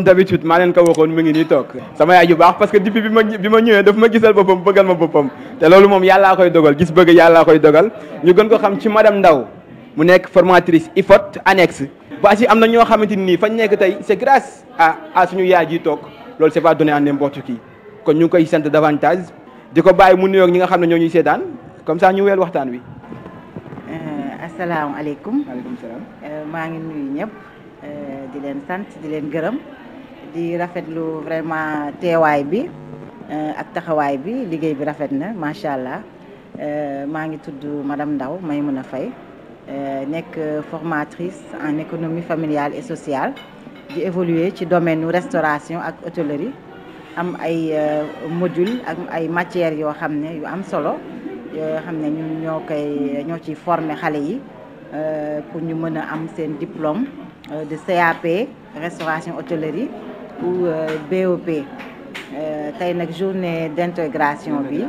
comme d'habitude maa leen ko waxoon mu ngi nii toog sama yaay ju baax parce que depuis bi ma bi ma ñëwee daf ma gisal boppam bëggal ma boppam te loolu moom yàllaa koy dogal gis bëgg yàllaa koy dogal ñu gën ko xam ci madame Ndaw mu nekk formatrice IFOT annexe ba si am na ñoo xamante nii fañ nekk tey c'est grâce à à suñu yaay toog loolu c'est pas donné à n'importe qui kon ñu ngi koy sant davantage di ko bàyyi mu nuyoog ñi nga xam ne ñoo ñuy seetaan comme ça ñu weel waxtaan wi euh, asalaamaaleykum maaleykum salaam euh, maa ñëpp euh, di leen di rafetlu vraiment teewaay bi euh, ak taxawaay bi liggéey bi rafet na macha allah euh, maa ngi tudd madame Ndaw Maïmouna Faye euh, nekk formatrice en économie familiale et sociale di évoluer ci domaine restauration ak hôtellerie am ay module ak ay matières yoo xam ne yu am solo yoo xam ne ñu ñoo koy ñoo ciy former xale yi pour ñu mën a am seen diplôme de CAP restauration hôtellerie ou euh, BOP euh, tey nag journée d'intégration bi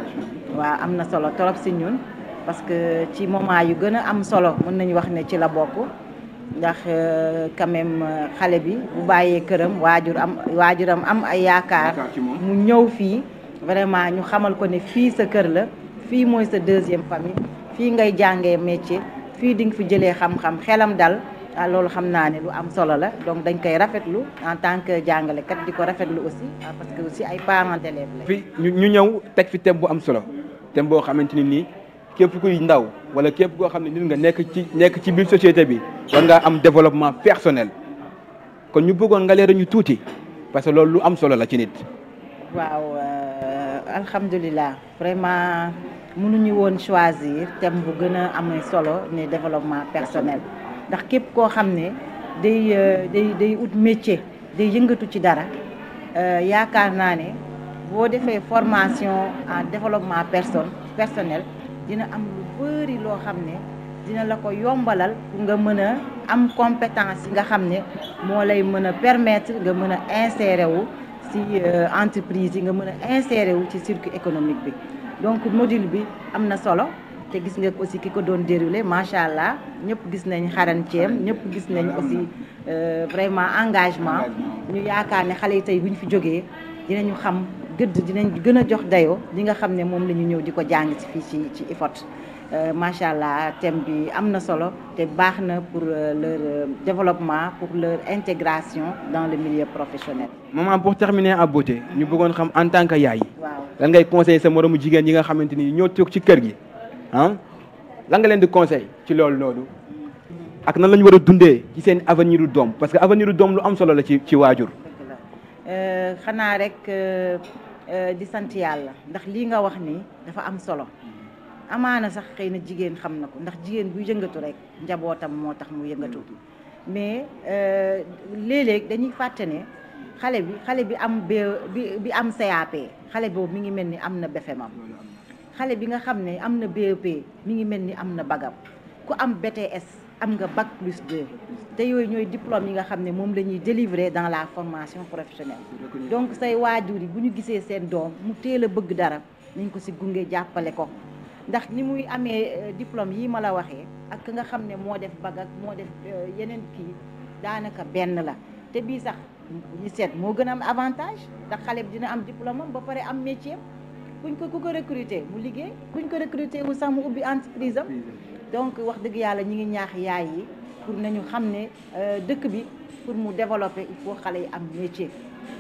waaw am na solo trop si ñun parce que ci moment yu gën a am solo mën nañu wax ne ci la bokk ndax euh, quand même xale bi bu bàyyee këram waajur am waajuram am ay yaakaar mu ñëw fii vraiment ñu xamal ko ne fii sa kër la fii mooy sa deuxième famille fii ngay jàngee métier fii di nga fi jëlee xam-xam xelam dal ah loolu xam naa ne lu am solo la donc dañ koy rafetlu en tant que kat di ko rafetlu aussi ah, parce que aussi ay parents d'élèves la. fi ñu ñëw teg fi thème bu am solo thème boo xamante ni nii képp kuy ndaw wala képp koo xam ne nit nga nekk ci nekk ci biir société bi war ngaa am développement personnel kon ñu bëggoon nga leeral ñu tuuti parce que loolu lu am solo la ci nit. waaw euh, alhamdulilah vraiment mënuñu woon choisir thème bu gën a am solo ni développement personnel. ndax képp koo xam ne day euh, day day ut métier day yëngatu ci dara euh, yaakaar naa ne boo defee formation en développement personne personnel dina am lu bëri loo xam ne dina la ko yombalal pour nga mën a am compétence yi nga xam ne moo lay mën a permettre nga mën a insérer wu ci euh, entreprise yi nga mën a insérer wu ci circuit économique bi donc module bi am na solo te gis nga aussi ki ko doon déroulé macha allah ñëpp gis nañ xaranteem ñëpp gis nañ aussi euh, vraiment engagement ñu yaakaar ne xale yi tey bu ñu fi jógee dinañu xam gëdd dinañ gën a jox dayoo li nga xam ne moom la ñu ñëw di ko jàng ci fii ci ci euh, macha allah thème bi am na solo te baax na pour euh, leur développement pour leur intégration dans le milieu professionnel. maman pour terminer à beauté. ñu bëggoon xam en tant que yaay. waaw lan ngay conseiller sa moromu jigéen yi nga xamante ni ci kër gi. ah nga leen di conseil ci loolu noonu ak nan la ñu war a dundee ci seen avenir u doom parce que avenir doom lu am solo la ci ci waajur. Euh, xanaa rek euh, euh, di sant yàlla ndax lii nga wax nii dafa am solo amaana sax xëy na jigéen xam na ko ndax jigéen buy yëngatu rek njabootam moo tax mu yëngatu mais léeg-léeg dañuy fàtte ne xale bi xale bi am bi am CAP xale boobu mi ngi mel ni am na befemam xale bi nga xam ne am na BEP mi ngi mel ni am na bagam ku am BTS am nga bac plus 2 te yooyu ñooy diplôme yi nga xam ne moom la ñuy délivrer dans la formation professionnelle donc say waajur yi bu ñu gisee seen doom mu teel a bëgg dara nañ ko si gunge jàppale ko ndax ni muy amee euh, diplome yi ma la waxee ak nga xam ne moo def bagak moo def euh, yeneen kii daanaka benn la te bii sax ñi seet moo gën a am avantage ndax xale bi dina am diplôme am ba pare am métier kuñ ko ku ko recruter mu liggéey kuñ ko recruter wu sax mu ubbi entreprise am donc wax dëgg yàlla ñi ngi ñaax yaay yi pour nañu xam ne euh, dëkk bi pour mu développer il faut xale yi am métier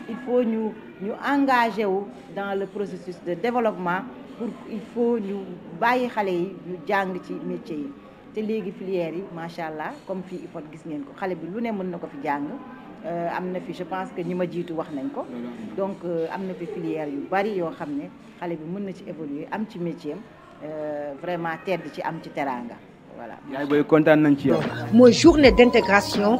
il faut ñu ñu engagé wu dans le processus de développement pour il faut ñu bàyyi xale yi ñu jàng ci métier yi te léegi filières yi macha allah comme fii IPHOT gis ngeen ko xale bi lu ne mën na ko fi jàng Euh, am na fi je pense que ñi ma jiitu wax nañ ko donc euh, am na fi filière yu bari yoo xam ne xale bi mën na ci évoluer am ci métier am euh, vraiment tedd ci am ci teraanga voilà. yaay booy kontaan nañ ci yow. mooy journée d'intégration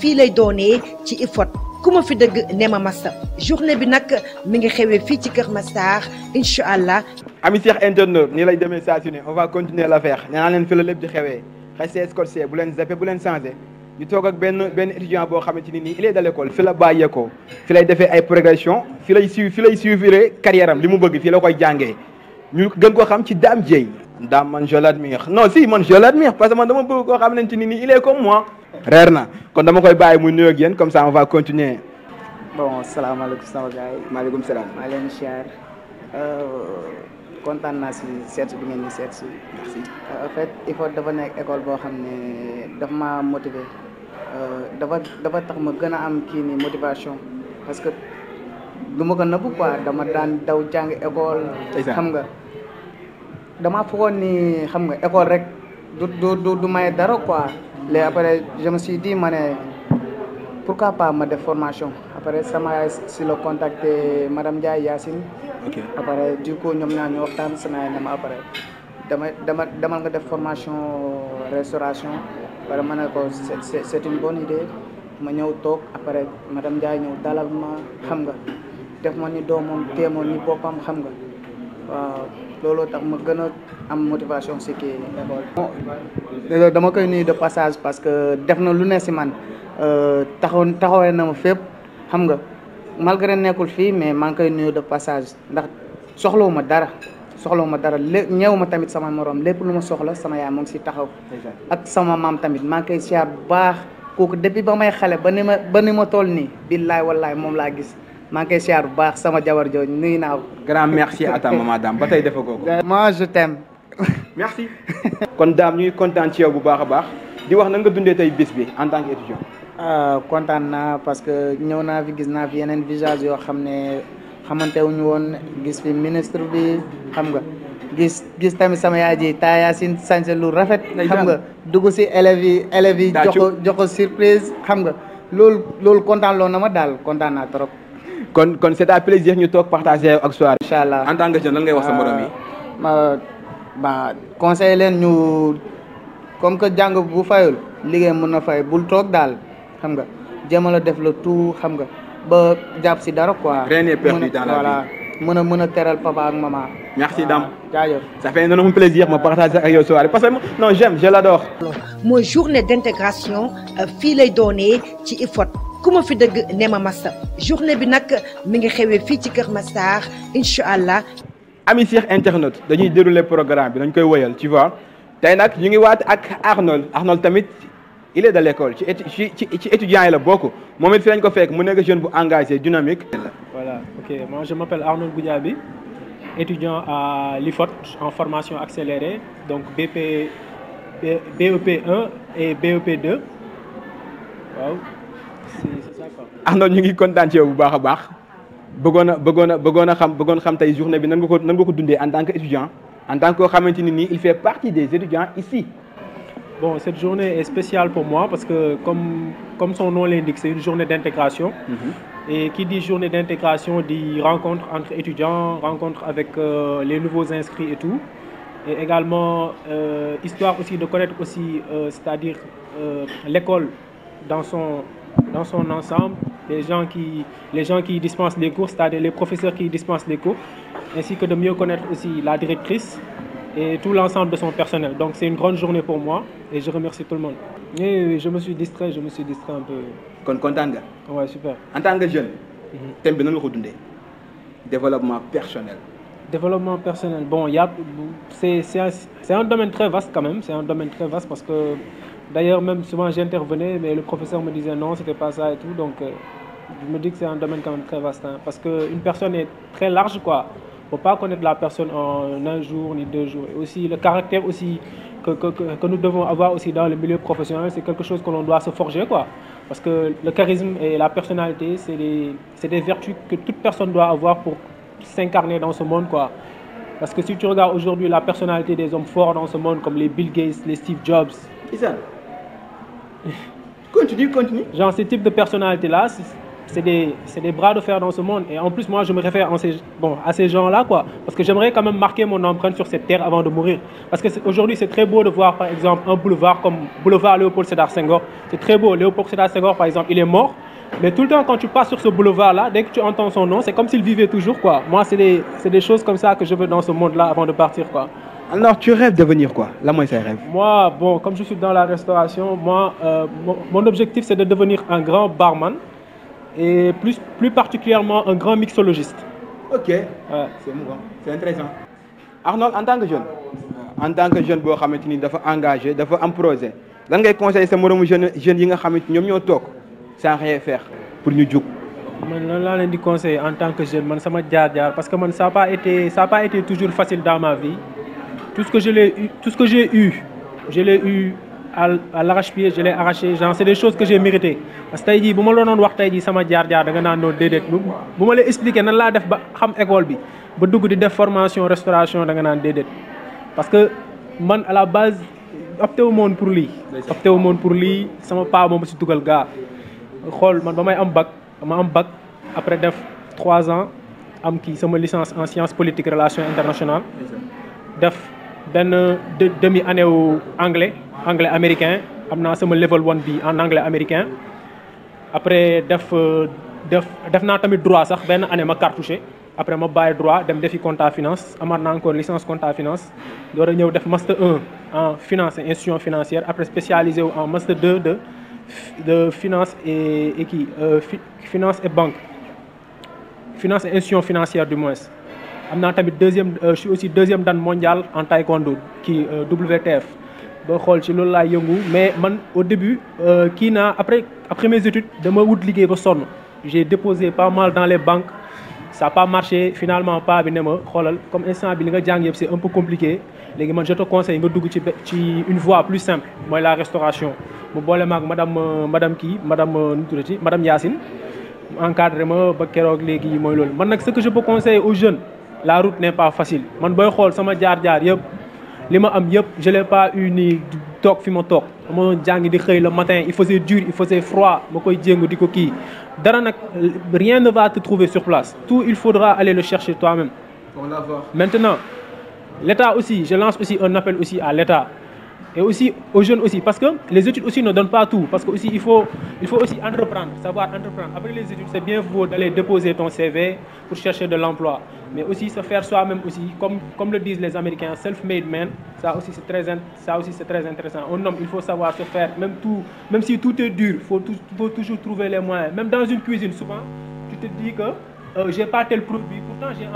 fii lay doonee ci IFHOT ku ma fi dëgg ne ma Massa journée bi nag mi ngi xewee fii ci Kër Massar incha allah. i Cheikh interneur nii lay demee saa su ne on va continuer l'affaire nee naa leen fi la lépp di xewee xasee scotché bu leen zappé bu leen changé. ñu toog ak benn benn boo xamante ni nii il est de l'école fi la bàyyeekoo fi lay defee ay progression fi lay suiv fi lay suivre carrière am li mu bëgg fii la koy jàngee ñu gën ko xam ci Dame Dieye daam man je l'admire non si man je l'admire parce que man dama bëgg koo xamante ni nii il est comme moi reer na kon dama koy bàyyi muy nuyoo ak yéen comme ça on va continuer bon salaamaaleykum sama gars yi maaleykum salaam maa leen siyaar euh, kontaan naa si seet bi ngeen ñu seet si en fait il faut dafa nekk école boo xam ne daf ma motiver Euh, dafa dafa tax ma gën a am kii nii motivation parce que du ma ko nëbbu quoi dama daan daw jàng école. xam nga dama foogoon ni xam nga école rek du du du du may dara quoi. léegi après je me suis dit ma ma def formation après sama si la contacté madame Ndiaye Yacine. ok après du coup ñoom ñaar ñu waxtaan sama ne ma après dama dama demal nga def formation restauration. pare ma ne ko c'est une bonne idée ma ñëw toog ma madame Ndiaye ñëw dalal ma xam nga def ma ni doomam téemoon ni boppam xam nga waaw looloo tax ma gën a am motivation si kii dama koy nuyu de passage parce que def na lu ne si man taxaw eh, taxawee na fépp xam nga malgré nekkul fii mais maa ngi koy nuyu de passage ndax soxlawu ma dara soxlawu ma dara lé ñëw ma tamit sama morom lépp lu ma soxla sama yaay mu ngi si taxaw ak sama maam tamit maa ngi siyaar bu baax kooku depuis ba may xale ba ni ma ba ma toll nii billaay wallaay moom laa gis maa ngi koy siyaar bu baax sama jabar jooju nuyu naa ko grand merci à ta maman ba tey defa ko moi je t'aime merci kon Dame ñuy kontaan ci yow bu baax a baax di wax na nga dundee tey bis bi en tant qu'étudiant ah, kontaan naa parce que ñëw naa fi gis naa fi yeneen visage yoo xam ne xamante wuñu woon gis fi ministre bi xam nga gis gis tamit sama yaay ji taa Yacine sañse lu rafet xam nga dugg si élèves yi élèves yi jox jox ko surprise xam nga loolu loolu kontaan loo na ma daal kontaan naa trop kon kon c'est un plaisir ñu toog partager ak soir incha allah en tant que jeune lan ngay wax sa morom yi euh, ma ba conseil leen ñu comme que jàng bu fayul liggéey mun na fay bul toog daal xam nga jéem def la tout xam nga ba jàpp si dara quoi. la vie voilà mën a mën a teral papa ak maman. merci Dame jaajëf. ça fait un énorme plaisir ma partager ak yow soirée parce que non j'aime je l'adore. mooy journée d'intégration euh, fii lay doonee ci IFHOT. ku ma fi dëgg ne ma Massa journée bi nag mi ngi xewee fii ci Kër Massar incha allah. amis chers internautes dañuy dérouler programme bi dañ koy woyal tu vois tey nag ñu ngi waat ak Arnold Arnold tamit. il est de l'école ci ci ci yi la bokk moom it fi lañ ko fekk mu nekk jeune bu engagé dynamique. voilà ok moi je m'appelle Arnaud Goudiaby étudiant à l'IFOT en formation accélérée donc BP BEP1 et BEP2 waaw c'est ça ngi kontaan ci yow baax a baax bëggoon a bëggoon a bëggoon a xam bëggoon journée bi nan nga ko ko dundee en tant que étudiant en tant que koo xamante ni nii il fait partie des étudiants ici. Bon, cette journée est spéciale pour moi parce que, comme, comme son nom l'indique, c'est une journée d'intégration. Mm -hmm. Et qui dit journée d'intégration dit rencontre entre étudiants, rencontre avec euh, les nouveaux inscrits et tout. Et également, euh, histoire aussi de connaître aussi, euh, c'est-à-dire euh, l'école dans son, dans son ensemble, les gens, qui, les gens dispensent les cours, c'est-à-dire les professeurs qui dispensent les cours, ainsi que de mieux connaître aussi la directrice et tout l'ensemble de son personnel. Donc c'est une grande journée pour moi et je remercie tout le monde. Et je me suis distrait, je me suis distrait un peu. kon kontaan nga. waaw super. en tant que jeune. Mhm. thème bi nan nga ko dundee. développement personnel. développement personnel bon y a c'est c'est un, c'est un domaine très vaste quand même c'est un domaine très vaste parce que d'ailleurs même souvent j'intervenais mais le professeur me disait non c'était pas ça et tout donc euh, je me dis que c'est un domaine quand même très vaste hein, parce que une personne est très large quoi. ne peut pas connaître la personne en un jour ni deux jours. Et aussi, le caractère aussi que, que, que nous devons avoir aussi dans le milieu professionnel, c'est quelque chose que l'on doit se forger. Quoi. Parce que le charisme et la personnalité, c'est des, des, vertus que toute personne doit avoir pour s'incarner dans ce monde. Quoi. Parce que si tu regardes aujourd'hui la personnalité des hommes forts dans ce monde, comme les Bill Gates, les Steve Jobs... Isan, continue, continue. Genre, ces types de personnalités-là, c'est des, des, bras de fer dans ce monde. Et en plus, moi, je me réfère en ces, bon, à ces gens-là, quoi. Parce que j'aimerais quand même marquer mon empreinte sur cette terre avant de mourir. Parce qu'aujourd'hui, c'est très beau de voir, par exemple, un boulevard comme boulevard Léopold Sédar Senghor. C'est très beau. Léopold Sédar Senghor, par exemple, il est mort. Mais tout le temps, quand tu passes sur ce boulevard-là, dès que tu entends son nom, c'est comme s'il vivait toujours, quoi. Moi, c'est des, des, choses comme ça que je veux dans ce monde-là avant de partir, quoi. Alors, tu rêves de devenir quoi Là, moi, c'est rêve. Moi, bon, comme je suis dans la restauration, moi, euh, mon, mon objectif, c'est de devenir un grand barman. et plus, plus particulièrement un grand mixologiste. Ok, ouais. c'est mouvant, c'est intéressant. Arnold, en tant que jeune, euh, en tant que jeune boo xamante ni dafa engagé dafa am projet lan ngay conseillé sa moromu jeune yi nga xamante ñoom ñoo toog sans rien faire pour ñu jug. man lan laa leen di conseiller en tant que jeune man sama jaar-jaar parce que man ça a pas été toujours facile dans ma vie tout ce que je l'ai eu que j'ai eu à l'arrache-pied je l'ai arraché genre c'est des choses que j'ai mérité parce que tey bu ma la doon wax tey jii sama jaar-jaar da nga naan noonu déedéet bu ma la expliqué nan laa def ba xam école bi ba dugg di def formation restauration da nga naan déedéet parce que man à la base opté wu moon pour lii opté wu moon pour lii sama paa moom si tugal gaa xool man ba may am bag ma am bag après def trois ans am kii sama licence en sciences politiques relations def benn demi année wu anglais anglais américain am naa sama level one bi en anglais américain après def def def naa tamit droit sax benn anne ma cartouché après ma bàyyi droit dem defi compta finance amaat naa encore licence compta finance door a ñëw def master 1 en finance et institution financière après spécialisé wu en master 2 de de finance et kii euh, finance et banque finance et institution financière du moins. am naa tamit deuxième euh, je aussi deuxième dan mondial en taekwondo kii euh, WTF. boo xool ci loolu laay yëngu mais man au début euh, kii naa après après mes études dama wut liggéey ba sonn j'ai déposé pas mal dans les banques ça a pas marché finalement pas bi ne ma xoolal comme instant bi li nga jàng yëpp c'est un peu compliqué léegi man je te conseille nga dugg ci ci une voie plus simple mooy la restauration mu boole maag madame euh, madame kii madame euh, nu tuddati madame Yacine encadré ma ba keroog léegi mooy loolu man nag ce que je peux conseiller aux jeunes la route man booy xool sama jaar-jaar yëpp li ma am yëpp je l'ai pas eu fi ma toog ma doon di xëy la matin il faisait dur il faisait froid ma koy jéngu di ko kii dara nag rien ne va te trouver sur place tout il faudra aller le chercher toi-même. pour l'avoir. maintenant l'État aussi je lance aussi un appel aussi à l'État et aussi aux jeunes aussi parce que les études aussi ne donnent pas tout parce que aussi il faut aussi entreprendre savoir entreprendre après les études c'est bien beau d'aller déposer ton CV pour chercher de l'emploi mais aussi se faire soi-même aussi comme comme le disent les Américains self-made man ça aussi c'est très ça aussi c'est très intéressant un homme il faut savoir même si tout est dur faut faut toujours trouver les moyens même dans une cuisine souvent tu te dis que euh, j'ai pas tel produit pourtant j'ai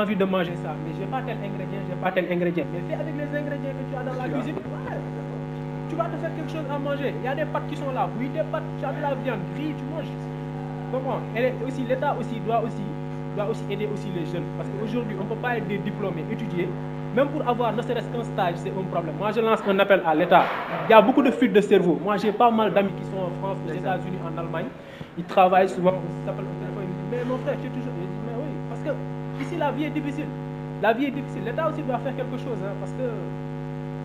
tu vas te faire quelque à manger. y a des pâtes qui sont là. Oui, des pâtes, de la viande grille, tu manges. Comprends Et aussi, aussi doit aussi doit aussi aider aussi les jeunes. Parce on ne peut pas être diplômé, étudier. Même avoir ne serait-ce qu'un stage, c'est un problème. Moi, je lance un appel à l'État. Il y a beaucoup de fuites de cerveau. Moi, j'ai pas mal d'amis qui sont en France, aux États-Unis, en Allemagne. Ils travaillent souvent, ils s'appellent la vie est La vie est difficile. aussi doit faire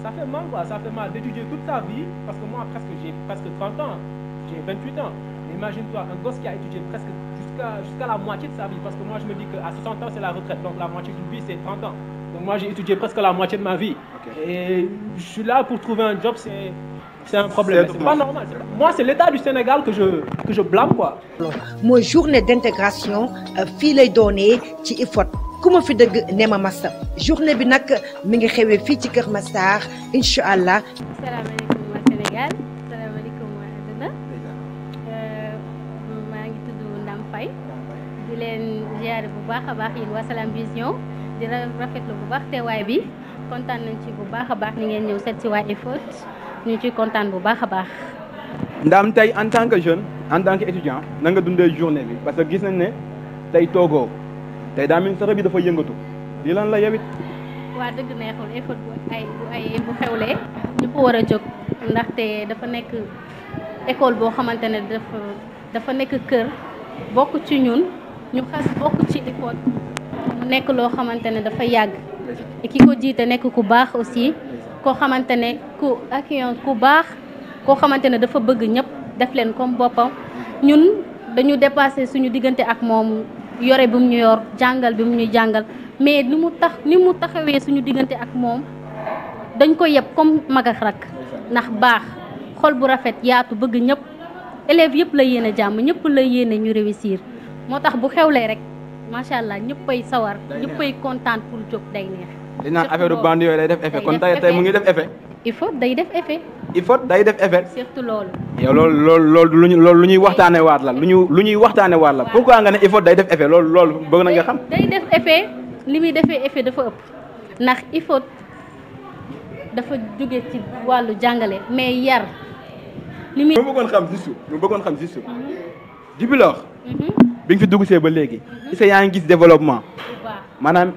ça fait mal quoi, ça fait mal d'étudier toute sa vie, parce que moi presque j'ai presque 30 ans, j'ai 28 ans. Imagine-toi, un gosse qui a étudié presque jusqu'à la moitié de sa vie, parce que je me dis qu'à 60 ans c'est la retraite, donc la moitié d'une vie c'est ans. j'ai étudié presque la moitié de ma vie. Et je suis là pour trouver un job, c'est c'est un problème, c'est pas normal. c'est l'état du Sénégal que je blâme quoi. mooy journée d'intégration fii lay doonee ku ma fi dëgg ne ma massa journée bi nag mi ngi xewee fii ci Kër Massar incha allah. salaamaaleykum waa Sénégal salaamaaleykum waa àdduna euh, maa ngi tudd Ndam Faye di leen ziare bu baax a baax yéen waa Salam Vision di rafetlu bu baax teewaay bi kontaan nañ ci bu baax a baax ni ngeen ñëw seet si waa EFOT ñu ciy kontaan bu baax a baax. Ndam tey en tant que jeune en tant que étudiant na nga dundee journée bi parce que gis nañ ne tey toogoo. tey daa mel ni sa rab yi dafa yëngatu lii lan la yewit waa dëgg neexul effort bu ay bu ay bu xewlee ñëpp war a jóg ndaxte dafa nekk école boo xamante ne dafa dafa nekk kër bokk ci ñun ñu xas bokk ci école mu nekk loo xamante ne dafa yàgg ki ko jiite nekk ku baax aussi koo xamante ne ku accueillant ku baax koo xamante ne dafa bëgg ñëpp def leen comme boppam ñun dañu dépassé suñu diggante ak moom yore bi mu ñu yor jàngal bi mu ñuy jàngal mais ni mu tax ni mu taxawee suñu diggante ak moom dañ ko yeb comme mag rakk ndax baax xol bu rafet yaatu bëgg ñëpp élèves yëpp la yéene jàmm ñëpp la yéene ñu réussir moo tax bu xewlee rek macha allah ñëppay sawar ñëppay kontaan pour jóg day neex. li naan affaire bande yooyu day def effet kon tey tey mu ngi def effet. il faut day def effet. il faut day def effet. surtout loolu. yow lool loolu lu ñu loolu lu ñuy waxtaanee waat la lu ñu lu ñuy waxtaanee waat la pourquoi nga ne il faut day def effet lool loolu bëgg na nga xam. day def effet li muy defee effet dafa ëpp ndax il faut dafa jóge ci wàllu jàngale mais yar. li muy bëggoon xam juste lu bëggoon xam juste. Mhm. depuis mhm. bi nga fi dugg see ba léegi. isa mhm. yaa ngi gis développement. maanaam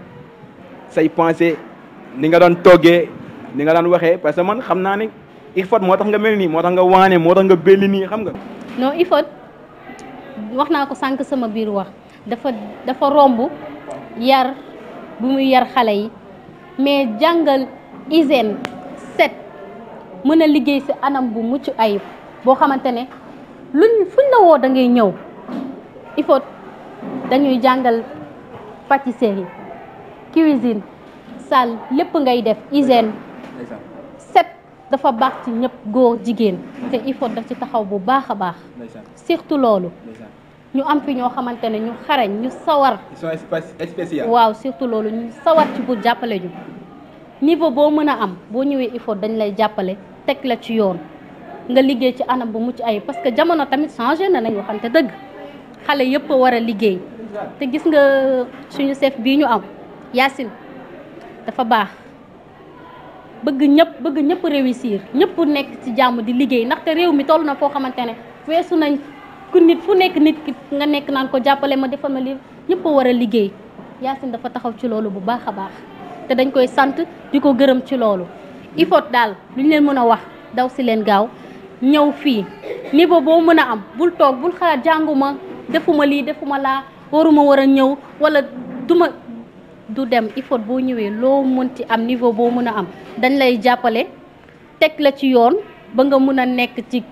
say pensée ni nga doon toggee ni nga daan waxee parce que man xam naa ni ifot moo tax nga mel nii moo tax nga waane moo tax nga belli nii xam nga. non ifot wax naa ko sànq sama biir wax dafa dafa romb yar bu muy yar xale yi mais jàngal hygiène set mën a liggéey si anam bu mucc ay boo xamante ne luñ fuñ la woo da ngay ñëw ifot dañuy jàngal pâtisserie cuisine salle lépp ngay def hygiène. dafa baax ci ñëpp góor jigéen te il faut daf ci taxaw bu baax a baax surtout loolu ñu am fi ñoo xamante ne ñu xarañ ñu sawar spécial waaw surtout loolu ñu sawar ci bu jàppale ñu niveau boo mën a am boo ñëwee il dañ lay jàppale teg la ci yoon nga liggéey ci anam bu mucc ay parce que jamono tamit changé na nañ waxante dëgg xale yëpp a war a liggéey te gis nga suñu chef bii ñu am Yacine dafa baax bëgg ñëpp bëgg ñëpp réussir ñëpp nekk ci jàmm di liggéey ndaxte réew mi toll na foo xamante ne weesu nañ ku nit fu nekk nit ki nga nekk naan ko jàppale ma defal ma li ñëpp a war a liggéey Yacine dafa taxaw ci loolu bu baax a baax te dañ koy sant di ko gërëm ci loolu il faut daal lu ñu leen mën a wax daw si leen gaaw ñëw fii niveau boo mën a am bul toog bul xaar jànguma defuma lii defuma laa waruma war a ñëw wala duma du dem il boo ñëwee loo mën mënti am niveau boo mën a am dañ lay jàppale teg la ci yoon ba nga mën a nekk ci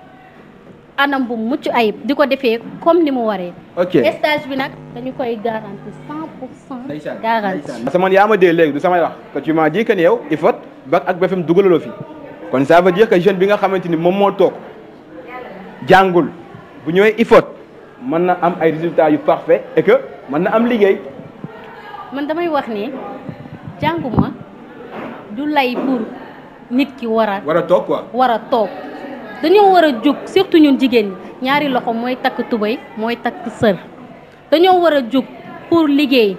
anam bu mucc ay di ko defee comme ni mu waree. ok bi nag dañu koy garanti cent pour cent. garanti parce que man yaa ma dee léegi du samay wax que tu m'as dit que yow il faut ak BFEM dugalaloo fi kon ça veut dire que jeune bi nga xamante ni moom moo toog jàngul bu ñëwee il faut mën na am ay résultats yu pax et que mën na am liggéey. man damay wax ni jànguma du lay pour nit ki war a. war a toog quoi war a toog. dañoo war a jóg surtout ñun jigéen ñi ñaari loxo mooy takk tubéy mooy takk sër dañoo war a jóg pour liggéey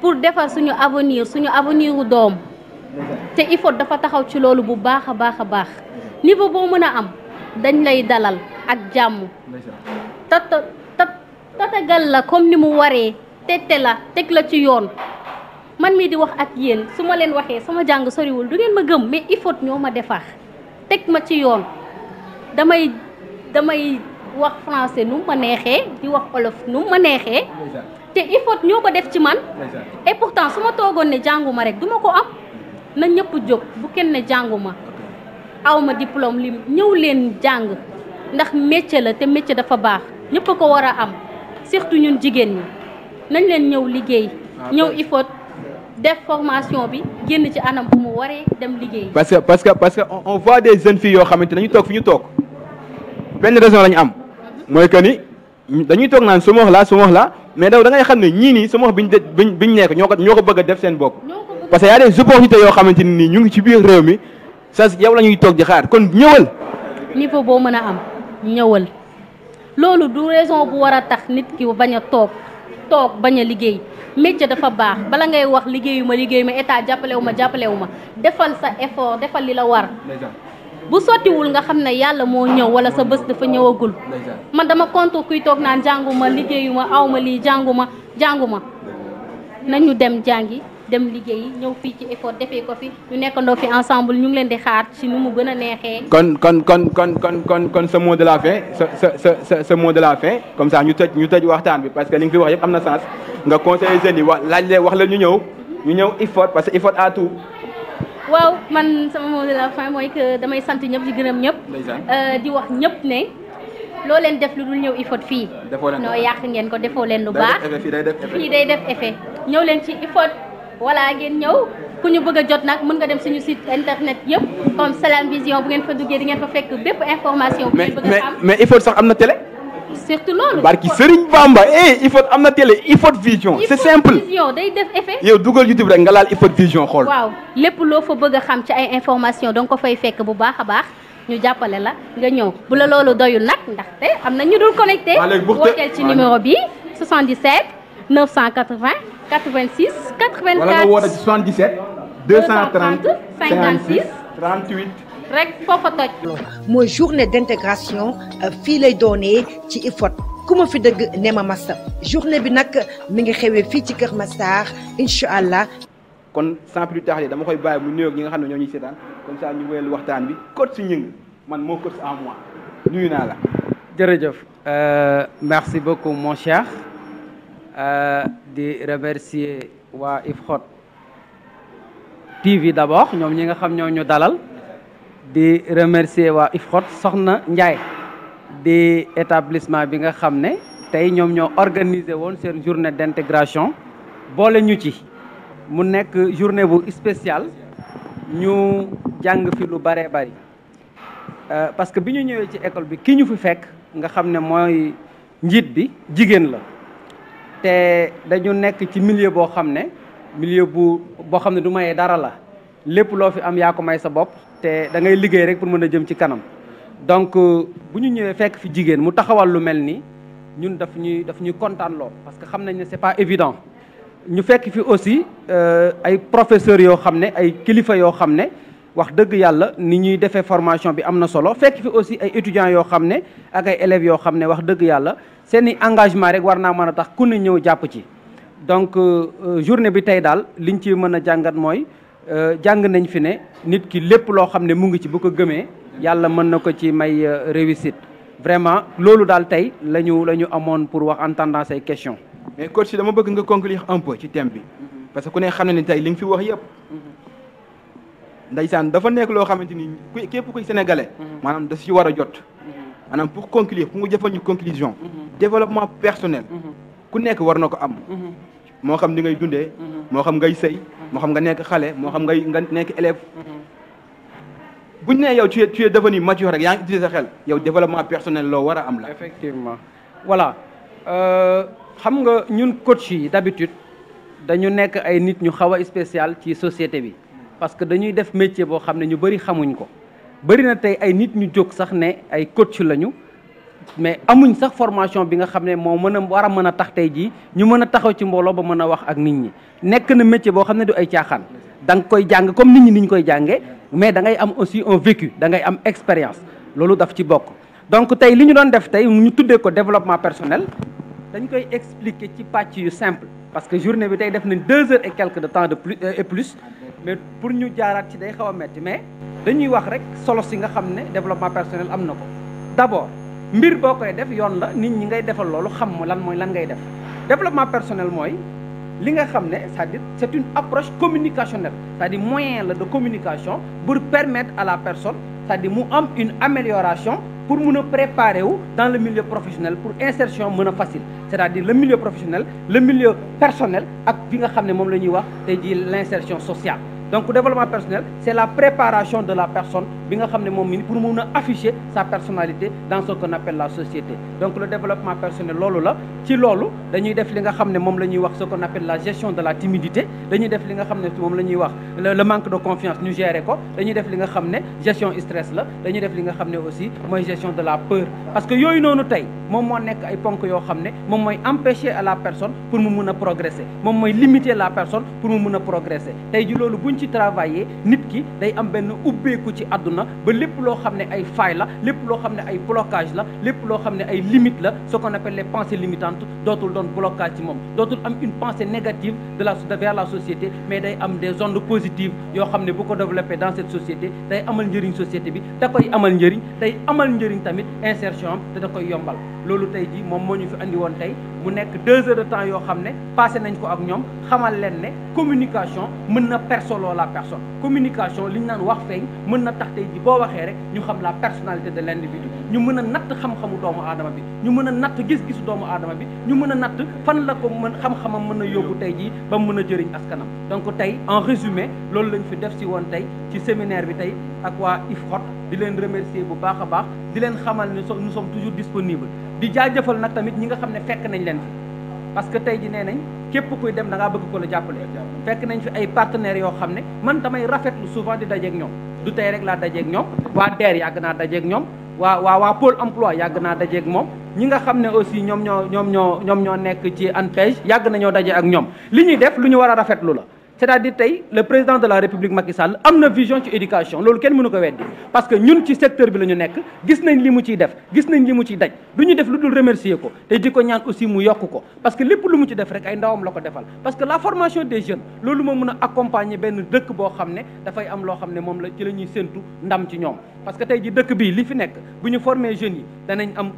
pour defar suñu avenir suñu avenir wu doom te il dafa taxaw ci loolu bu baax a baax a baax ni niveau boo mën a am dañ lay dalal ak jàmm tata tatagal la comme ni mu waree tette la teg la ci yoon man mii di wax ak yéen su ma leen waxee sama jàng soriwul du ngeen ma gëm mais il ñoo ma defar teg ma ci yoon damay damay wax français nu ma neexee di wax olof nu ma neexee te il ñoo ko def ci man et su ma toogoon ne jànguma rek du ma ko am na ñëpp jóg bu kenn ne jànguma aw ma diplôme li ñëw leen jàng ndax métier la te métier dafa baax ñépp a ko war a am surtout ñun jigéen ñi nañ leen ñëw liggéey ah, ñëw IFHOT def formation bi génn ci anam bu mu waree dem liggéey parce que parce que parce que on voit des jeunes filles yoo xamante dañu toog fi ñu toog benn raison la ñu am mooy que ni dañuy toog naan su ma wax laa su ma laa mais daw da ngay xam ne ñii nii su ma wax biñ biñ biñ nekk ñoo ko ñoo ko bëgg def seen bopp parce que y a des yoo xamante ni ñu ngi ci biir réew mi sa yow la ñuy toog di xaar kon ñëwal niveau boo mën a am ñëwal loolu du raison bu war a tax nit ki bañ a toog toog bañ a liggéey métier dafa baax bala ngay wax liggéeyu ma liggéeyu ma état jàppalewu ma jàppalewu ma defal sa effort defal li la war bu sottiwul nga xam ne yàlla moo ñëw wala sa bés dafa ñëwagul man dama contre kuy toog naan jàngu ma liggéeyu ma aw ma lii jàngu ma jàngu nañu dem jàngi dem liggéey ñëw fii ci effort defee ko fi ñu nekkandoo fi ensemble ñu leen di xaar ci nu mu gën a kon kon kon kon kon kon kon sa mot de la fin sa sa sa sa mot de la fin comme ça ñu tëj ñu tëj waxtaan bi parce que li nga fi wax yëpp am na sens nga conseiller jeunes yi wax laaj leen wax la ñu ñëw ñu ñëw effort parce que effort à tout. waaw man sama mot de la fin mooy que damay sant ñëpp di gërëm ñëpp. Euh, di wax ñëpp ne. loo leen def lu dul ñëw IFHOT fii. defoo leen noo yàq ngeen ko defoo leen lu baax. fii day def effet ñëw leen ci IFHOT. voilà ngeen ñëw ku ñu bëgg jot nag mën nga dem suñu sit internet yëpp comme Salam Vision bu ngeen fa duggee di ngeen fa fekk bépp information. bu ngeen bëgg a am mais mais sax am na télé. surtout loolu barki Serigne Bamba eh il faut am na télé il faut vision. c'est simple day def effet. yow dugal YouTube rek nga laal il faut vision xool. waaw lépp loo fa bëgg xam ci ay information danga ko fay fekk bu baax a baax ñu jàppale la nga ñëw bu la loolu doyul nag ndaxte am na ñu dul connecté. waa léegi ci numéro bi 77. 980 86 84 wala nga woote ci 77. 230 56 38. rek foofa toj. mooy journée d'intégration euh, fii lay doonee ci IFHOT ku ma fi dëgg ne ma Massa journée bi nag mi ngi xewee fii ci Kër Massar incha allah. kon sans plus tarder dama koy bàyyi mu nuyoog ñi nga xam ne ñoo ñuy seetaan comme ça ñu wéyal waxtaan bi coach si ñëng man moo coach en moi nuyu naa la. jërëjëf euh, merci beaucoup mon cher. di remercier waa IFHOT TV d'abord ñoom ñi nga xam ñoo ñu dalal di remercier waa IFHOT Soxna Ndiaye di établissement bi nga xam ne tey ñoom ñoo organiser woon seen journée d'intégration boole ñu ci mu nekk journée bu spéciale ñu jàng fi lu bëree bëri euh, parce que bi ñu ñëwee ci école bi ki ñu fi fekk nga xam ne mooy njiit bi jigéen la te dañu nekk ci milieu boo xam ne milieu bu boo xam ne du mayee dara la lépp loo fi am yaa ko may sa bopp te da ngay liggéey rek pour mën a jëm ci kanam donc euh, bu ñu ñëwee fekk fi jigéen mu taxawal lu mel ni ñun daf ñuy daf ñuy kontaan loo parce que xam nañ ne c'est pas évident ñu fekk fi aussi euh, ay professeurs yoo xam ne ay kilifa yoo xam ne wax dëgg yàlla ni ñuy defee formation bi am na solo fekk fi aussi ay étudiants yoo xam ne ak ay élèves yoo xam ne wax dëgg yàlla seen i engagement rek war naa mën a tax ku ne ñëw jàpp ci donc euh, euh, journée bi tey daal liñ ci mën a jàngat mooy euh, jàng nañ fi ne nit ki lépp loo xam ne mu ngi ci bu ko gëmee yàlla mën na ko ci may réussite vraiment loolu daal tey la ñu la ñu amoon pour wax en attendant ces questions. mais coach si dama bëgg nga conclure un peu ci thème bi parce que ku ne xam na ni tey li nga fi wax yëpp. ndeysaan dafa nekk loo xamante ni képp kuy sénégalais. Mhm. maanaam da si war a jot. maanaam pour conclure pour nga jëfal ñu conclusion mm-hmm. développement personnel mm-hmm. ku nekk war na ko am mm-hmm. moo xam ni ngay dundee moo xam ngay sëy moo xam nga nekk xale moo xam ngay nga nekk élève bu nee yow tu es tu es devenu mature rek yaa ngi xel yow développement personnel loo war a am la. effectivement voilà euh, xam nga ñun coach yi d'habitude dañu nekk ay nit ñu xaw a spécial ci société bi parce que dañuy def métier boo xam ne ñu bëri xamuñ ko. bëri na tey ay nit ñu jóg sax ne ay coach lañu mais amuñ sax formation bi nga xam ne moo mën a war a mën a tax tey jii ñu mën a taxaw ci mbooloo ba mën a wax ak nit ñi nekk na métier boo xam ne du ay caaxaan danga koy jàng comme nit ñi ni ñu koy jàngee mais dangay am aussi un vécu da ngay am expérience loolu daf ci bokk donc tey li ñu doon def tey ñu tuddee ko développement personnel dañ koy expliquer ci pàcc yu simple parce que journée bi tey def nañ deux heures et quelques de temps de plus euh, et plus pour ñu jaaraat ci day xaw a metti mais dañuy wax rek solo si nga xam ne développement personnel am na ko d'abord mbir boo koy def yoon la nit ñi ngay defal loolu xam lan mooy lan ngay def développement personnel mooy li nga xam ne c'est-à-dire une approche communicationnelle cest à moyen la de communication pour permettre à la personne c'est-à-dire mu am une amélioration pour mu a préparer wu dans le milieu professionnel pour insertion mën a facile c'est-à-dire le milieu professionnel le milieu personnel ak bi nga xam ne moom la ñuy wax tey jii l'insertion sociale donc développement personnel c'est la préparation de la personne bi nga xam ne moom mii pour mun a afficher sa personnalité dans ce qu'on appelle la société donc le développement personnel loolu la ci loolu dañuy def li nga xam ne moom la ñuy wax ce qu'on appelle la gestion de la timidité dañuy def li nga xam ne moom la ñuy wax le manque de confiance ñu gérer ko dañuy def li nga xam ne gestion stress la dañuy def li nga xam ne aussi mooy gestion de la peur parce que yooyu noonu tey moom moo nekk ay yoo xam ne moom mooy la personne pour mu mun a progresser moom mooy limiter la personne pour mu mun a progresser ci travailler nit ki day am benn ubbeeku ci àdduna ba lépp loo xam ne ay faille la lépp loo xam ne ay blocage la lépp loo xam ne ay limite la ce qu'on appelle les pensées limitantes dootul doon blocage ci moom dootul am une pensée négative de la vers la société mais day am des ondes positives yoo xam ne bu ko développé dans cette société day amal njëriñ société bi da koy amal njariñ day amal njariñ tamit insertion am te da koy yombal loolu tey jii moom moo ñu fi andi woon tey mu nekk deux heures de yoo xam ne passé nañ ko ak ñoom xamal leen ne communication mën na persoloo selon la personne communication li ñu naan wax feeñ mën na tax tey ji boo waxee rek ñu xam la personnalité de l' individu ñu mën a natt xam-xamu doomu aadama bi ñu mën a natt gis-gisu doomu aadama bi ñu mën a natt fan la ko mën xam-xamam mën a yóbbu tey ji ba mu mën a jëriñ askanam donc tey en résumé loolu lañ fi def si woon tey ci séminaire bi tey ak waa IFHOT di leen remercier bu baax a baax di leen xamal ni nous sommes toujours disponibles di jaajëfal nag tamit ñi nga xam ne fekk nañ leen fi parce que tey ji nee nañ képp kuy dem da ngaa bëgg ko la jàppale fekk nañ fi ay partenaires yoo xam ne man damay rafetlu souvent di dajeeg ñoom du tey rek laa dajeeg ñoom waa DER yàgg naa dajeeg ñoom waa waa waa pôle emploi yàgg naa dajeeg moom ñi nga xam ne aussi ñoom ñoo ñoom ñoo ñoom ñoo nekk ci ANPEJ yàgg nañoo daje ak ñoom li ñuy def lu ñu war a rafetlu la c'est-à-dire tey le président de la république Macky Sall am na vision ci éducation loolu kenn mënu ko weddi parce que ñun ci secteur bi la nekk gis nañ li mu ciy def gis nañ li mu ciy daj du ñu def lu dul remercier ko te di ko ñaan aussi mu yokk ko parce que lépp lu mu ci def rek ay ndawam la ko defal parce que la formation des jeunes loolu moo mën a accompagner benn dëkk boo xam ne dafay am loo xam ne moom la ci la ñuy séntu ndam ci ñoom parce que tey ji dëkk bii li fi nekk bu ñu former jeunes yi danañ am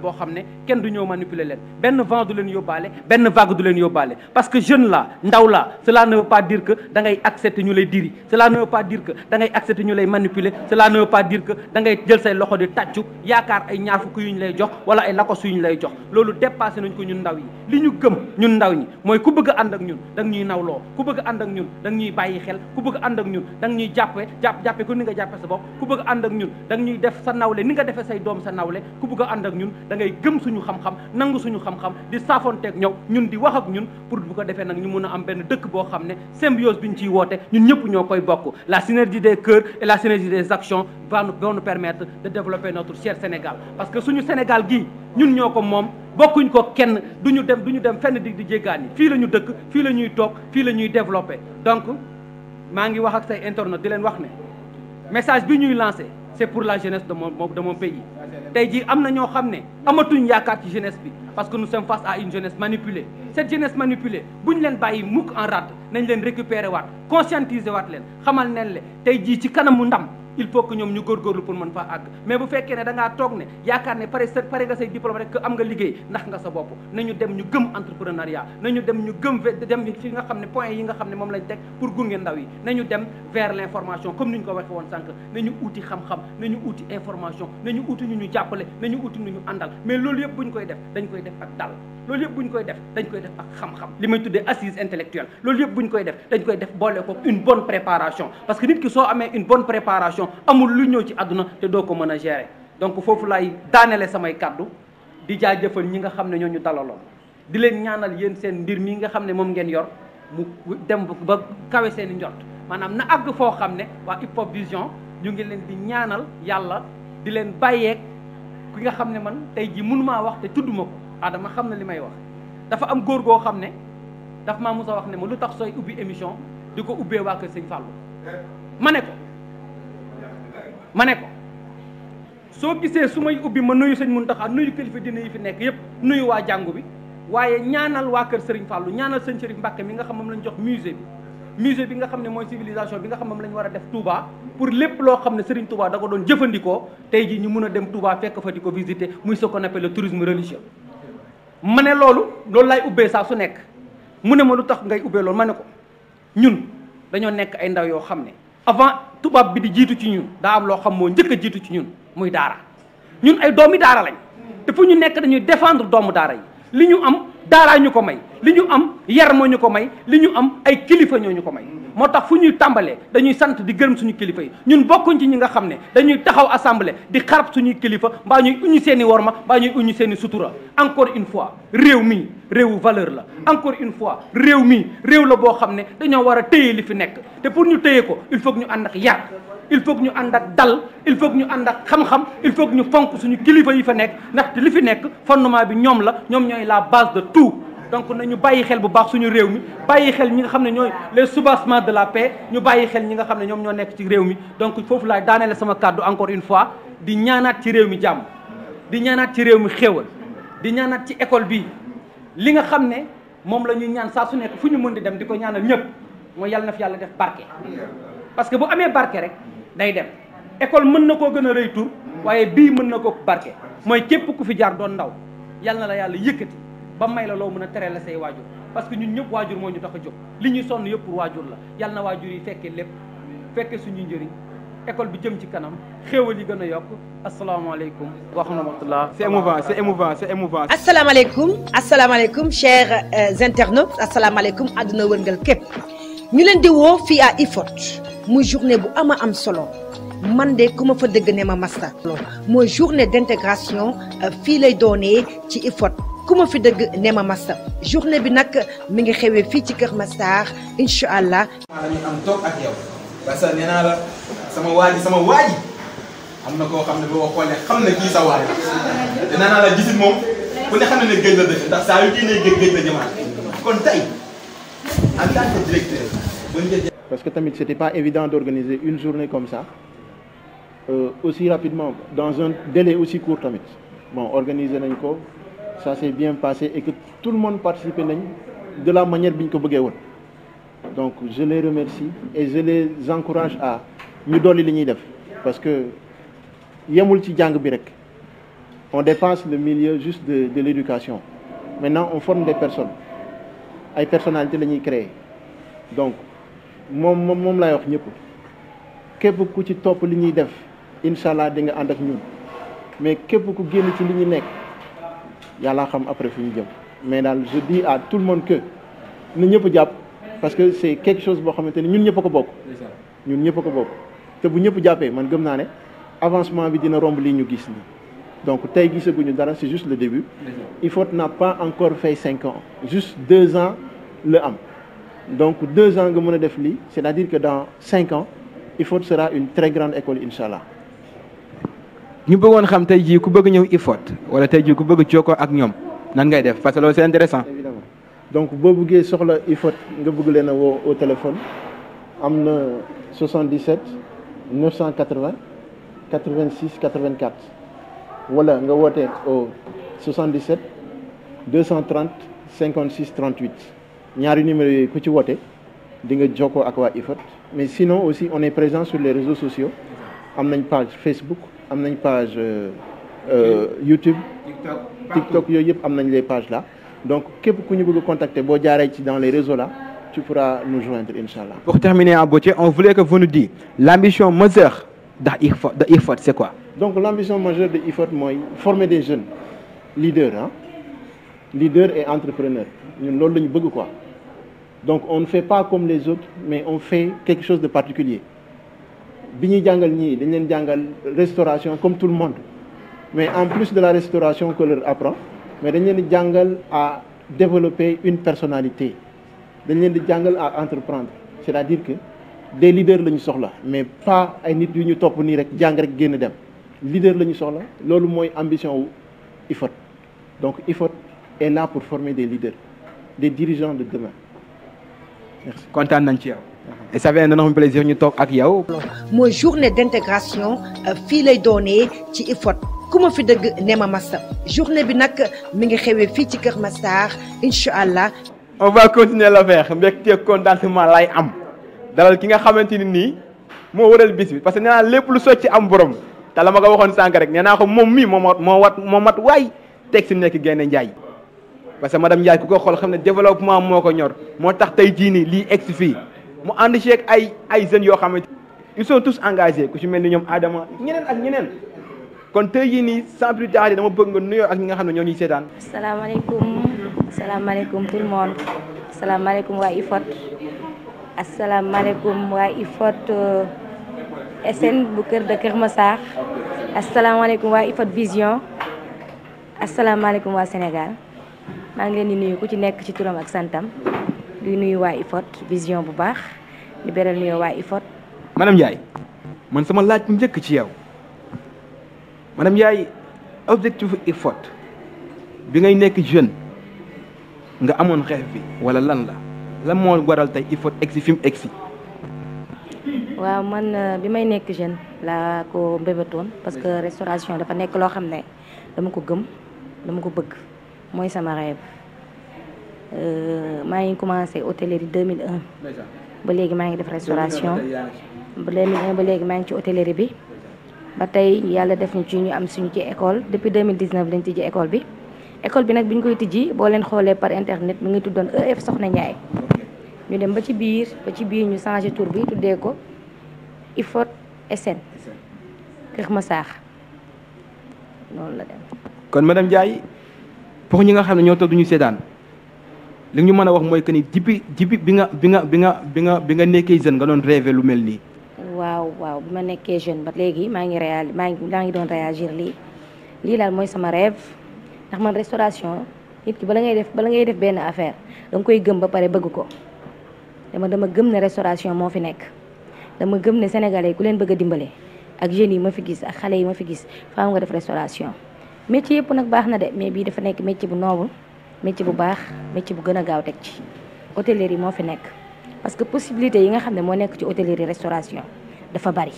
boo xam ne kenn du ñëw manipuler leen benn vent du leen yóbbaale benn leen yóbbaale parce que jeune la ndaw là cela ne veut pas dire que da ngay accepter ñu lay diri cela ne veut pas dire que da ngay accepter ñu lay manipuler cela ne veut pas dire que da ngay jël say loxo di tàccu yaakaar ay ñaar fukk yu ñu lay jox wala ay lakos yu ñu lay jox loolu dépassé nañ ko ñun ndaw yi li ñu gëm ñun ndaw ñi mooy ku bëgg ànd ak ñun da nga ñuy nawloo ku bëgg ànd ak ñun da nga ñuy bàyyi xel ku bëgg ànd ak ñun da nga ñuy jàppe jàpp jàppe ku ni nga jàppe sa bopp ku bëgg a ànd ak ñun da nga ñuy def sa nawle ni nga defee say doom sa nawle ku bëgg ànd ak ñun da ngay gëm suñu xam-xam nangu suñu xam-xam di saafonteeg ñun di wax ak ñun pour ko defee nag ñu mun a am benn benn dëkk boo xam ne symbiose bi ñu ciy woote ñun ñëpp ñoo koy bokk la synergie de cœurs et la synergie des actions va nous va nous permettre de développer notre cher Sénégal parce que suñu Sénégal gii ñun ñoo ko moom bokkuñ ko kenn du ñu dem du ñu dem fenn di di jéggaani fii la ñu dëkk fii la ñuy toog fii la ñuy développer donc maa ngi wax ak say internautes di leen wax ne message bi ñuy lancé c'est pour la jeunesse de mon de mon pays tey jii am na ñoo xam ne amatuñ yaakaar ci jeunesse bi parce que nu sommes face à une jeunesse manipulée cette jeunesse manipulée bu ñu leen bàyyi mukk en rade nañ leen récupérer waat conscientiser waat leen xamal neen le tey jii ci kanamu ndam il faut que ñoom ñu góorgóorlu pour mën faa àgg mais bu fekkee ne da ngaa toog ne yaakaar ne pare sa pare nga say diplôme rek que am nga liggéey ndax nga sa bopp nañu dem ñu gëm entrepreneuriat nañu dem ñu gëm dem nga xam ne point yi nga xam ne moom lañ teg pour gunge ndaw yi nañu dem vers l'information comme ni ñu ko waxee woon sànq nañu uti xam-xam nañu uti information nañu uti ñu ñu jàppale nañu uti ñu ñu àndal mais loolu yëpp bu ñu koy amul lu ñëw ci àdduna te doo ko mën a gérer donc foofu laay daanele samay kàddu di jëfal ñi nga xam ne ñoo ñu dalaloon di leen ñaanal yéen seen mbir mi nga xam ne moom ngeen yor mu dem ba kawe seen i njort maanaam na àgg foo xam ne waa Hip Hop Vision ñu ngi leen di ñaanal yàlla di leen bàyyeeg ki nga xam ne man tey jii mënu maa wax te tudduma ma ko Adama xam na li may wax dafa am góor goo xam ne daf maa mos a wax ne ma lu tax sooy ubbi émission di ko ubbee waa kër Sëñ Fallou ko ma ne ko soo gisee su may ubbi ma nuyu tax Muntaxa nuyu kilifa dina yi fi nekk yëpp nuyu waa jàngu bi waaye ñaanal waa kër Serigne Fallou ñaanal sëñ Serigne Mbacke mi nga xam moom lañ jox musée bi bi nga xam ne mooy civilisation bi nga xam moom la war a def Touba pour lépp loo xam ne Serigne Touba da doon jëfandikoo tey jii ñu mun a dem Touba fekk fa di ko visiter muy ce qu'on appelle le tourisme religieux ma ne loolu loolu laay ubbee saa su nekk mu ne ma lu tax ngay ubbee loolu ma ne ko ñun dañoo nekk ay ndaw yoo xam ne avant tubaab bi di jiitu ci ñun daa am loo xam moo njëkk a jiitu ci ñun muy daara ñun ay doomi daara lañ te fu ñu nekk dañuy défendre doomu daara yi li ñu am daara ñu ko may li ñu am yar moo ñu ko may li ñu am ay kilifa ñoo ñu ko may moo tax fu ñuy tàmbalee dañuy sant di gërëm suñu kilifa yi ñun bokkuñ ci ñi nga xam ne dañuy taxaw assemblée di xarab suñu kilifa mbaa ñuy uñu seen i worma mbaa ñuy uñu seen i sutura encore une fois réew mi réewu valeur la encore une fois réew mi réew la boo xam ne dañoo war a téye li fi nekk te pour ñu téye ko il faut ñu ànd ak yar il faut ñu ànd ak dal il faut ñu ànd ak xam-xam il faut ñu fonk suñu kilifa yi fa nekk ndaxte li fi nekk fondement bi ñoom la ñoom ñooy la base de tout donc ñu bàyyi xel bu baax suñu réew mi bàyyi xel ñi nga xam ne ñooy les soubassements de la paix ñu bàyyi xel ñi nga xam ne ñoom ñoo nekk ci réew mi donc foofu laay daaneele sama kàddu encore une fois di ñaanaat ci réew mi jàmm di ñaanaat ci réew mi xéewal di ñaanaat ci école bi li nga xam ne moom la ñuy ñaan saa su nekk fu ñu mën di dem di ko ñaanal ñëpp mooy yàlla na fi yàlla def barke parce que bu amee barke rek day dem école mën na koo gën a rëy waaye bii mën na koo barke mooy képp ku fi jaar doon ndaw yàlla na yàlla yëkkati ba may la loo mën a tere la say waajur parce que ñun ñëpp waajur moo ñu tax a jóg li ñuy sonn yëpp pour waajur la yàlla na waajur yi fekkee lépp fekkee suñu njëriñ école bi jëm ci kanam xéewal yi gën a yokk asalaamaaleykum wa rahmatullah c'est émouvant c'est émouvant c'est émouvant asalaamaaleykum asalaamaaleykum chers euh, internautes asalaamaaleykum àdduna wërngal képp ñu leen di woo fii à IFHOT muy journée bu ama am solo man de ku ma fa dëgg ne ma masta mooy journée d'intégration euh, fii lay doonee ci IFHOT ku ma fi dëgg ne ma massa journée bi nag mi ngi xewee fii ci Kër Massar incha allah. ñu am toog ak yow parce que nee naa la sama waa ji sama waa ji am na koo xam ne boo xoolee xam na kii sa waa ji naa la gisit moom ku ne xam ne ne géej la dëkk ndax saa yu génnee géej géej la jëmaat kon tey en tant que directeur ba parce que tamit c'était pas évident d'organiser une journée comme ça euh, aussi rapidement dans un délai aussi court tamit organiser nañ ko. ça s'est bien passé et que tout le monde participé nañ de la manière bi ñu ko bëggee woon donc je les remercie et je les encourage à ñu dolli li ñuy def parce que yemul ci jàng bi rek on dépense le milieu juste de de mais maintenant on forme des personnes ay personnalités la ñuy créer donc moom moom moom laay wax ñëpp képp ku ci topp li ñuy def incha allah di nga ànd ak ñun mais képp ku génn ci li ñuy nekk. yàlla xam après fu ñu jëm mais daal je dis à tout le monde que na ñëpp jàpp parce que c'est quelque chose boo xamante ni ñun ñëpp a ko bokk. ñun ñëpp ko bokk te bu ñëpp jàppee man gëm naa ne avancement bi dina romb lii ñu gis ni donc tey gisaguñu dara c'est juste le début. IFHOT n'a pas encore fait cinq ans juste deux ans la am donc deux ans nga mën a def lii c'est-à-dire que dans cinq ans faut sera une très grande école incha allah. ñu bëggoon xam tey jii ku bëgg ñëw IFHOT wala tey jii ku bëgg jokkoo ak ñoom nan ngay def parce que loolu intéressant donc boo bëggee soxla IFHOT nga bëgg leen a woo téléphone am na 77 980 86 84 wala nga wootee au 77 230 56 38 ñaari numéro yooyu ku ci woote di nga jokkoo ak waa IFHOT mais sinon aussi on est présent sur les réseaux sociaux am nañ page Facebook am nañ page euh, euh, YouTube TikTok yooyu yëpp am nañ les pages là donc képp ku ñu bëgg contacter boo jaaree ci dans les réseaux là tu pourras nous joindre inchallah pour terminer en beauté on voulait que vous nous disiez l'ambition majeure de IFHOT de IFHOT c'est quoi donc l'ambition majeure de IFHOT mooy former des jeunes leaders ah leaders et entrepreneurs ñun loolu la ñu bëgg quoi donc on ne fait pas comme les autres mais on fait quelque chose de particulier bi ñuy jàngal ñii dañ leen jàngal restauration comme tout le monde mais en plus de la restauration qu'on leur mais dañ leen di jàngal à développer une personnalité dañ leen di jàngal à entreprendre c'est-à-dire que des leaders la ñu soxla mais pas ay nit yu ñu topp nii rek jàng rek génn dem leader la ñu soxla loolu mooy ambition wu IFHOT donc IFHOT est là pour former des leaders des dirigeants de demain merci kontaan nañ ci et ça fait un énorme plaisir ñu toog ak yow. mooy journée d'intégration euh, fii lay doonee ci IFHOT ku ma fi dëgg ne ma Massa journée bi nag mi ngi xewee fii ci Kër Massar incha allah. on va continuer la faire mbégte contentement lay am dalal ki nga xamante ni nii moo waral bis bi parce que nee naa lépp lu socc am borom te la ma ko waxoon sànq rek nee naa ko moom mii moo moo moo mat waay teg si nekk Gaynde Njaay parce que madame Ndiaye ku ko xool xam ne développement mu ànd ci ay ay jeunes yoo xamante ils sont tous engagés ku ci mel ni ñoom Adama ñeneen ak ñeneen kon tey jii nii sans plus tarder dama bëgg nga nuyoo ak ñi nga xam ne ñoo ñuy seetaan. asalaamaaleykum asalaamaaleykum tout le monde asalaamaaleykum waa IFHOT asalaamaaleykum waa IFHOT euh, SN bu kër de Kër Massar asalaamaaleykum waa IFHOT Vision asalaamaaleykum waa Sénégal maa ngi leen di nuyu ku ci nekk ci turam ak santam. di nuyu waa IFOT vision bu baax di beral nuyu waa IFOT. madame Ndiaye man sama laaj bu njëkk ci yow madame Ndiaye objectif IFOT bi ngay nekk jeune nga amoon xeex bi wala lan la lan moo waral tey IFOT egsi fi mu egsi. waaw man euh, bi may nekk jeune laa ko mbébétoon parce que restauration dafa nekk loo xam ne dama ko gëm dama ko bëgg mooy sama rêve. Euh, maa ngi commencé mille un ba léegi maa ngi def restauration ba 2001 ba léegi maa ngi ci hôtellerie bi ba tey yàlla def ñu ci ñu am suñu ci école depuis 2019 lañ tijji école bi école bi nag bi ñu koy tijji boo leen xoolee par internet mi ngi tuddoon EF Soxna Ndiaye ñu dem ba ci biir ba ci biir ñu changé tour bi tuddee ko IFOT SN Kër Massar loolu la dem kon madame Ndiaye pour nga xam ne ñoo toog duñu seetaan li ñu mën a wax mooy que ni jibi jibi bi nga bi nga bi nga bi nga bi nga nekkee jeune nga doon rêvé lu nii. waaw waaw bi ma nekkee jeune ba léegi maa ngi réal maa ngi maa ngi doon réagir lii lii daal mooy sama rêve ndax man restauration nit ki bala ngay def bala ngay def benn affaire danga koy gëm ba pare bëgg ko dama dama gëm ne restauration moo fi nekk dama gëm ne sénégalais ku leen bëgg a dimbale ak jeunes yi ma fi gis ak xale yi ma fi gis faaw nga def restauration métier yëpp nag baax na de mais bii dafa nekk métier bu noble métier bu baax métier bu gën a gaaw teg ci hôtellerie moo fi nekk parce que possibilité yi nga xam ne moo nekk ci hôtellerie restauration dafa bari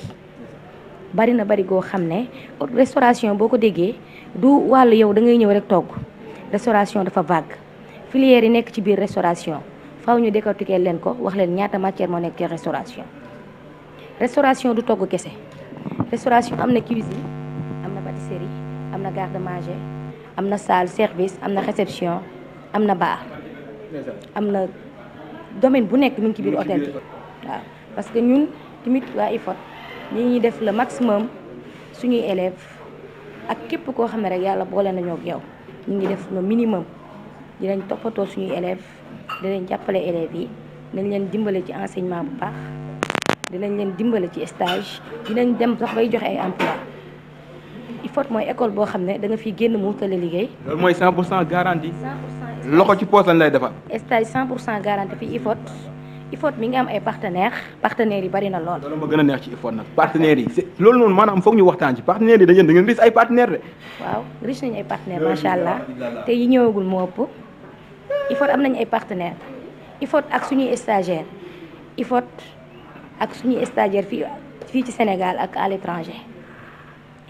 bari na bari goo xam ne restauration boo ko déggee du wàll yow da ngay ñëw rek togg restauration dafa vague filière yi nekk ci biir restauration faw ñu décortiquer leen ko wax leen ñaata matière moo nekk ci restauration restauration du togg kese restauration am na cuisine am na pâtisserie am na garde manger am na salle service am na réception am na bar am na domaine bu nekk mu ngi ci biir hôtel bi waaw parce que ñun tamit waa IFHOT ñi ñuy def le maximum suñuy élève ak képp koo xam ne rek yàlla boole nañoo ak yow ñu ngi def le minimum dinañ toppatoo suñuy élève dinañ jàppale élèves yi dinañ leen dimbale ci enseignement bu baax dinañ leen dimbale ci stage dinañ dem sax bay joxe ay emploi IFHOT mooy école boo xam ne danga nga fiy génn mu tële liggéey. loolu mooy 100 pour cent garanti. 100 pour loxo ci poos lañ lay defal. stage 100 pour cent garanti fii ngi am ay partenaires partenaires yi bari na lool. loolu a neex ci IFHOT nag partenaires yi c'est loolu noonu maanaam foog ñu waxtaan ci partenaires yi dañu da ay partenaires de. waaw riche nañu ay partenaires macha allah te yi ñëwagul moo ëpp IFHOT am nañu ay partenaires IFHOT ak suñuy stagiaires IFHOT ak suñuy stagiaires fii fii ci Sénégal ak à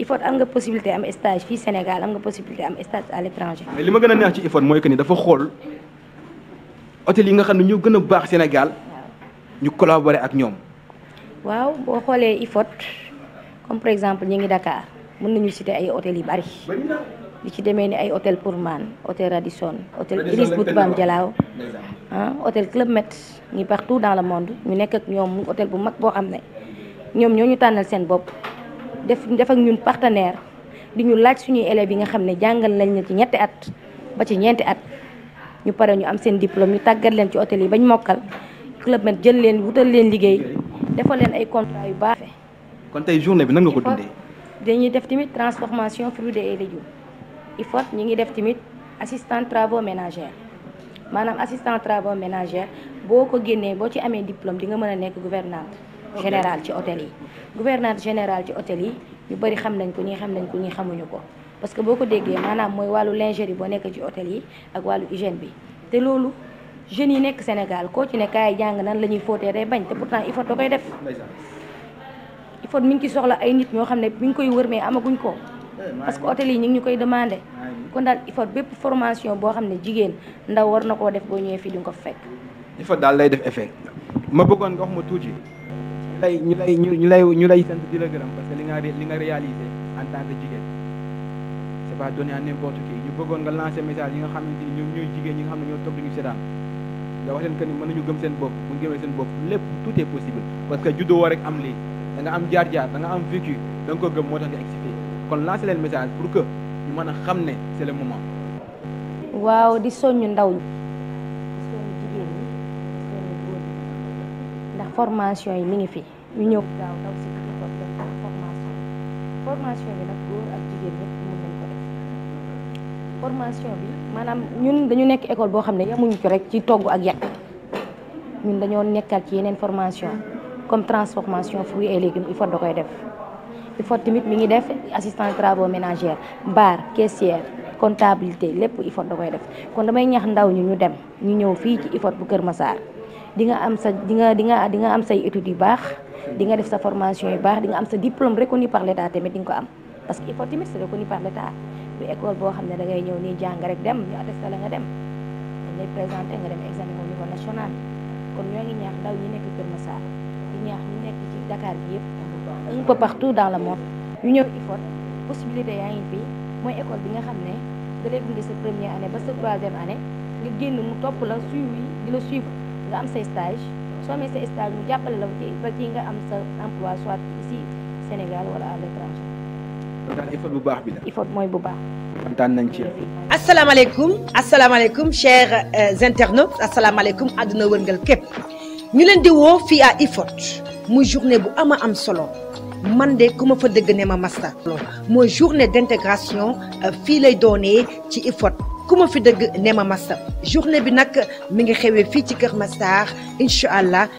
IFHOT am nga possibilité am stage fii Sénégal am nga possibilité am stage à l'étranger. li ma gën a neex ci IFHOT mooy que ni dafa xool hôtel yi nga xam ne ñoo gën a baax Sénégal. ñu collaborer ak ñoom. waaw boo xoolee IFHOT comme par exemple ñu ngi dakaar mën nañu citer ay hôtel yu bari li ci demee ni ay hôtel Pullman hôtel Radisson hôtel Iris Boutbam Jalaaw ah hôtel Club Med ñu partout dans le monde ñu nekk ak ñoom hôtel bu mag boo xam ne ñoom ñoo ñu tànnal seen bopp. def def ak ñun partenaire li ñu laaj suñuy élèves yi nga xam ne jàngal nañ la ci ñetti at ba ci ñeenti at ñu pare ñu am seen diplôme ñu tàggat leen ci hôtel yi bañ mokkal Club Med jël leen wutal leen liggéey defal leen ay contrat yu baax. kon tey journée bi nan nga ko dundee. dañuy def tamit transformation fruits et il faut ñi ngi def tamit assistant travaux ménagères maanaam assistant travaux ménagères boo ko génnee boo ci amee diplôme di nga mën a nekk gouvernante général ci hôtel yi gouvernante général ci hôtel yi ñu bëri xam nañ ko ñii xam nañ ko ñii xamuñu ko parce que boo ko déggee maanaam mooy wàllu lingerie boo nekk ci hôtel yi ak wàllu hygiène bi te loolu jeunes yi nekk Sénégal koo ci ne kaay jàng nan la ñuy fóotee day bañ te pourtant il faut da koy def mi ngi ci soxla ay nit ñoo xam ne mi ngi koy wër mais amaguñ ko parce que hôtel yi ñu ngi ñu koy demandé kon daal il bépp formation boo xam ne jigéen ndaw war na koo def boo ñëwee fii di nga ko fekk il faut daal lay def effet ma bëggoon nga wax ma tuuti lay ñu lay ñu lay ñu lay sant di la gërëm parce que li nga li nga réalisé en tant jigéen c'est pas donné à n'importe ñu bëggoon nga lancé message yi nga xamante ni ñoom jigéen ñi nga xam ne ñoo toog ñu seetaan nga wax leen que ni mën nañu gëm seen bopp mu gëmee seen bopp lépp tout possible parce que juddoo woo rek am lii da am jaar-jaar da am vécu da ko gëm moo tax nga expliqué kon lancé leen message pour que ñu mën a xam ne c'est le moment waaw di soññ ndaw formation yi mi ngi fi ñu ñëw formation bi maanaam ñun dañu nekk école boo xam ne yamuñu ko rek ci togg ak yàq ñun dañoo nekkaat ci yeneen formation comme transformation fruits et légumes il faut koy def il faut tamit mi ngi def assistant travaux ménagères bar caissière comptabilité lépp il faut koy def kon damay ñax ndaw ñu ñu dem ñu ñëw fii ci IFOT bu Kër Massar di nga am sa di nga di nga di nga am say études yu baax di nga def sa formation yu baax di nga am sa diplôme reconnu par l'état tamit di nga ko am parce que il faut tamit c'est reconnu par l'état du école boo xam ne da ngay ñëw nii jàng rek dem ñu attesté la nga dem dañ lay présenté nga dem examen au niveau national kon ñoo ngi ñaax ndaw ñi nekk Kër Massar di ñaax nekk ci Dakar bi yëpp un peu partout dans le monde ñu ñëw IFHOT possibilité yaa ngi fi mooy école bi nga xam ne da lay gunge sa première année ba année nga topp la suivi di la nga am say stage soo amee say stage mu jàppale la ci ba ci am sa emploi soit Sénégal wala à l'étranger. kon daal effort bu baax bi la. effort mooy bu baax. kontaan nañ ci. asalaamaaleykum asalaamaaleykum chers euh, internautes asalaamaaleykum àdduna wërngal képp ñu leen di woo fii à IFHOT muy journée bu ama am solo man de ku ma fa dëgg ne ma masta mooy journée d' intégration euh, fii lay doonee ci IFHOT. ku ma fi dëgg ne ma masa journée bi nag mi ngi xewee fii ci Kër Massar incha allah.